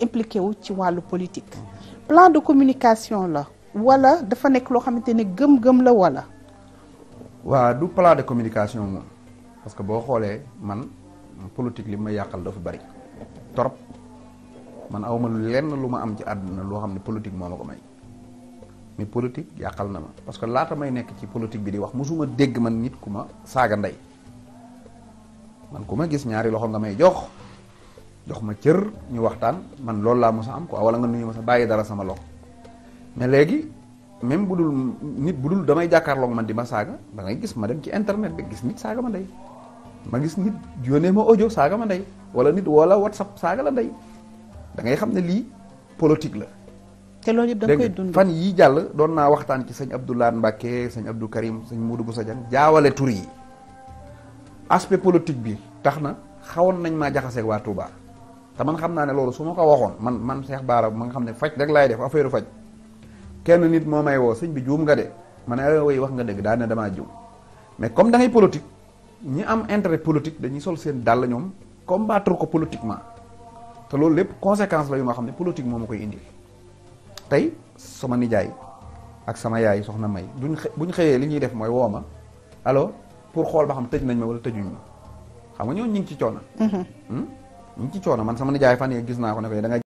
impliqué wu ci wàllu politique plan de communication la wala dafa nekk loo xamante ne gëm-gëm la wala. waaw du plan de communication moom parce que boo xoolee man politique li ma yàqal dafa bari trop man aw ma lenn lu ma am ci àdduna loo xam ne politique moo ma ko may mais politique yàqal na ma parce que laata may nekk ci politique bi di wax mosuma dégg man nit ku ma saaga ndey man ku ma gis ñaari loxo nga may jox. jox ma cër ñu waxtaan man loolu laa mos a am quoi wala nga nuyu ma sa bàyyi dara sama loxo mais léegi même bu dul nit bu dul damay jàkkaarloog man di ma saaga da ngay gis ma dem ci internet bi gis nit saaga ma ndey ma gis nit yónnee ma ojo saaga ma ndey wala nit wala whatsapp saaga la ndey da ngay xam ne lii politique la. te loolu da nga koy fan yi jàll doon naa waxtaan ci sëñ Abdoulaye Mbacke sëñ Abdou Karim sëñ Moudou Boussa Diagne jaawale tur yi aspect politique bi tax na xawoon nañ maa jaxaseeg waa te man xam naa ne loolu su ma ko waxoon man man Cheikh Bara ma nga xam ne faj rek laay def affaire faj kenn nit moo may woo sëñ bi juum nga de man a eh, woy wax nga dëgg daa ne damaa juum mais comme da ngay politique ñi am intérêt politique dañuy sol seen dàll ñoom comme combattre ko politiquement te loolu lépp conséquence la yu nga xam ne politique moo ma koy indi tey sama nijaay ak sama yaay soxna May duñ buñ xëyee li ñuy def mooy woo ma alors pour xool ba xam tëj nañ ma wala tëjuñ ma xam nga ñooñu ñu ngi ci coono. Mm-hmm. Hmm? ñu ngi ci coono man sama nijaay fan yii